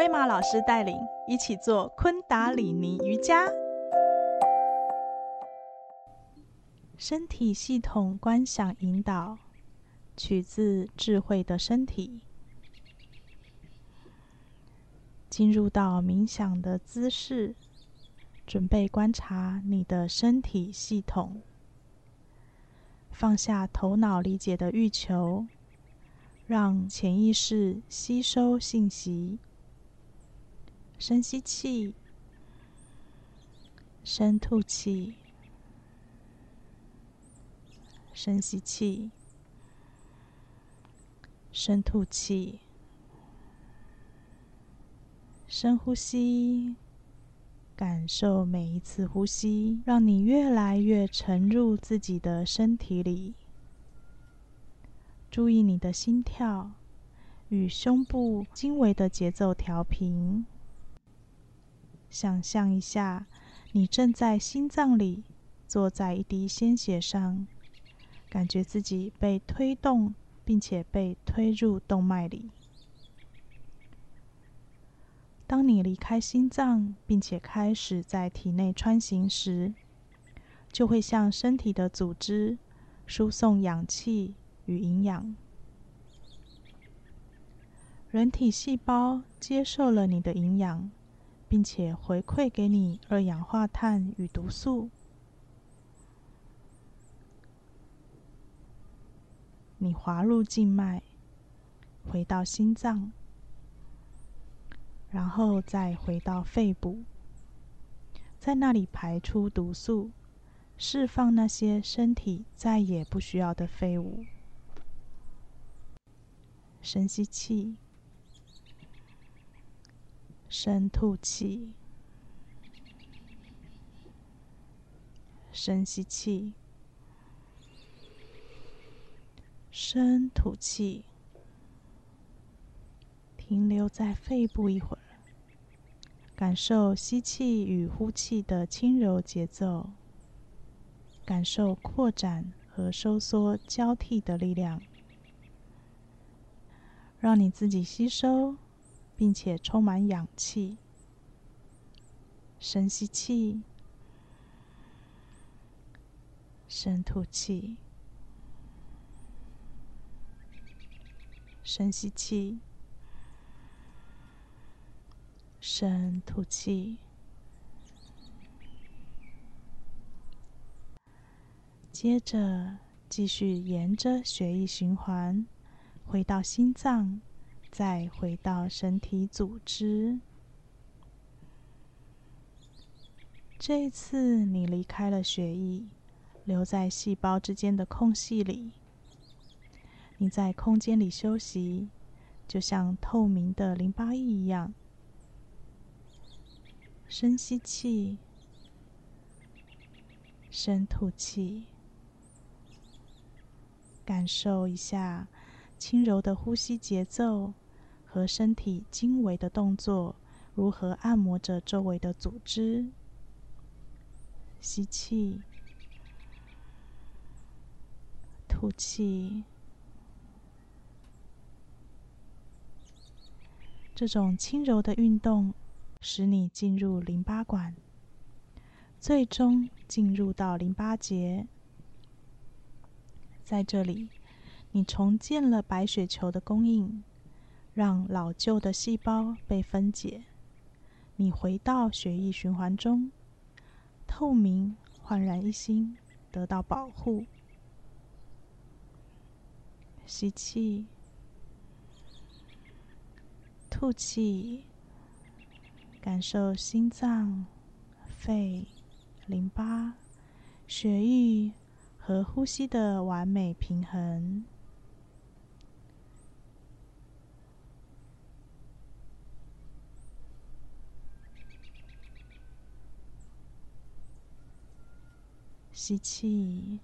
葳瑪老師帶領一起做昆達里尼瑜伽，身體系統觀想引導，取自《智慧的身體》。進入到冥想的姿勢，準備觀察你的身體系統，放下頭腦理解的欲求，讓潛意識吸收信息。深吸氣，深吐氣，深吸氣，深吐氣，深呼吸，感受每一次呼吸，讓你越來越沉入自己的身體裡。注意你的心跳與胸部精微的節奏調平。想象一下，你正在心臟裡坐在一滴鮮血上，感覺自己被推動，並且被推入動脈裡。當你離開心臟，並且開始在體內穿行時，就會向身體的組織輸送氧氣與營養。人體細胞接受了你的營養。並且回饋給你二氧化碳與毒素。你滑入靜脈，回到心臟，然後再回到肺部，在那裡排出毒素，釋放那些身體再也不需要的廢物。深吸氣。深吐氣，深吸氣，深吐氣，停留在肺部一會兒，感受吸氣與呼氣的輕柔節奏，感受擴展和收縮交替的力量，讓你自己吸收。並且充滿氧氣，深吸氣，深吐氣，深吸氣，深吐氣。接着繼續沿着血液循環，回到心臟。再回到身體組織。這一次你離開了血液，留在細胞之間的空隙裡。你在空間裡休息，就像透明的淋巴液一樣。深吸氣，深吐氣，感受一下。輕柔的呼吸節奏和身體經緯的動作，如何按摩着周圍的組織？吸氣，吐氣。這種輕柔的運動使你進入淋巴管，最終進入到淋巴結，在這裡。你重建了白血球的供應，讓老舊的細胞被分解。你回到血液循環中，透明煥然一新，得到保護。吸氣，吐氣，感受心臟、肺、淋巴、血液和呼吸的完美平衡。吸氣，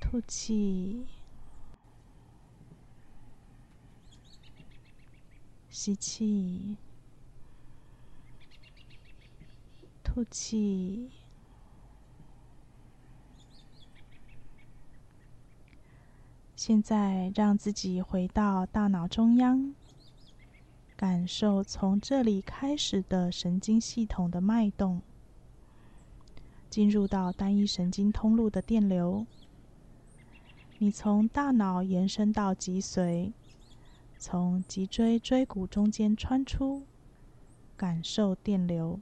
吐氣，吸氣，吐氣。現在讓自己回到大腦中央，感受從這裡開始的神經系統的脈動。進入到單一神經通路的電流，你從大腦延伸到脊髓，從脊椎椎骨中間穿出，感受電流。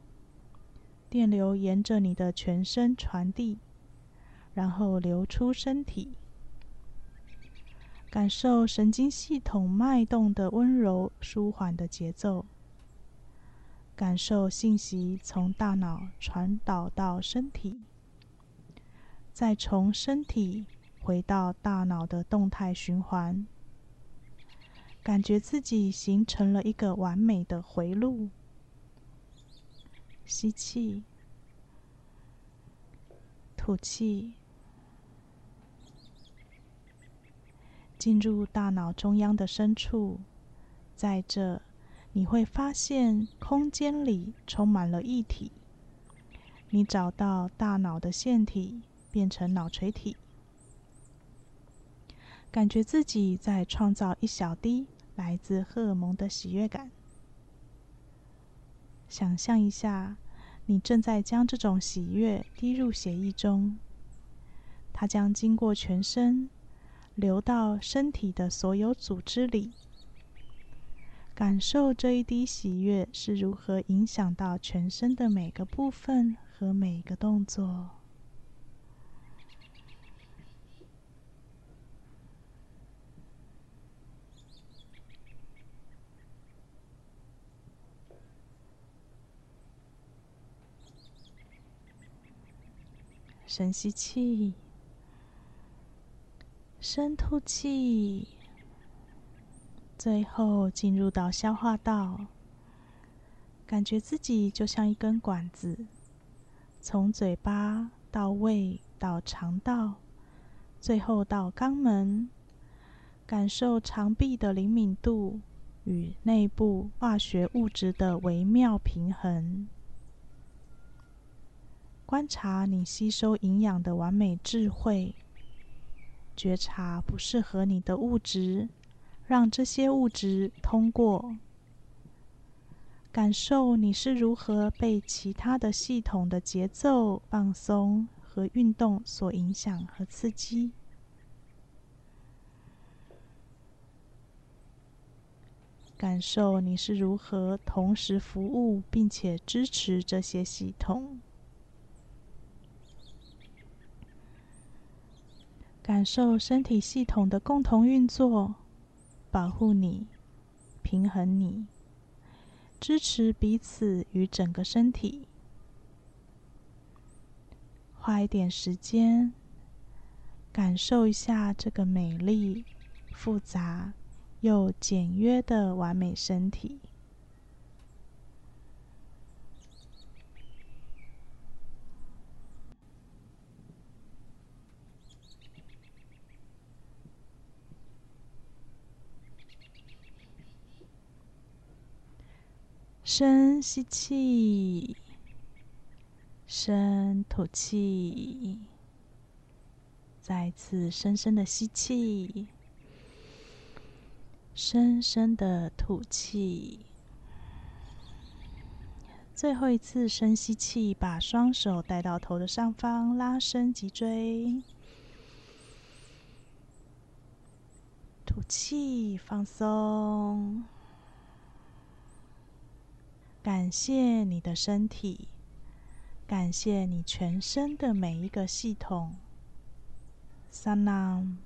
電流沿着你的全身傳遞，然後流出身體，感受神經系統脈動的溫柔舒緩的節奏。感受信息從大腦傳導到身體，再從身體回到大腦的動態循環，感覺自己形成了一個完美的回路。吸氣，吐氣，進入大腦中央的深處，在這。你會發現，空間裡充滿了液體。你找到大腦的腺體，變成腦垂體，感覺自己在創造一小滴來自荷爾蒙的喜悅感。想象一下，你正在將這種喜悅滴入血液中，它將經過全身，流到身體的所有組織裡。感受這一滴喜悅是如何影響到全身的每個部分和每個動作。深吸氣，深吐氣。最後進入到消化道，感覺自己就像一根管子，從嘴巴到胃到腸道，最後到肛門，感受腸壁的靈敏度與內部化學物質的微妙平衡，觀察你吸收營養的完美智慧，覺察不適合你的物質。讓這些物質通過。感受你是如何被其他的系統的節奏、放鬆和運動所影響和刺激，感受你是如何同時服務並且支持這些系統，感受身體系統的共同運作。保護你，平衡你，支持彼此與整個身體。花一點時間，感受一下這個美麗、複雜又簡約的完美身體。深吸氣，深吐氣。再一次深深的吸氣，深深的吐氣。最後一次深吸氣，把雙手帶到頭的上方，拉伸脊椎。吐氣，放鬆。感謝你的身體，感謝你全身的每一個系統。Sat Nam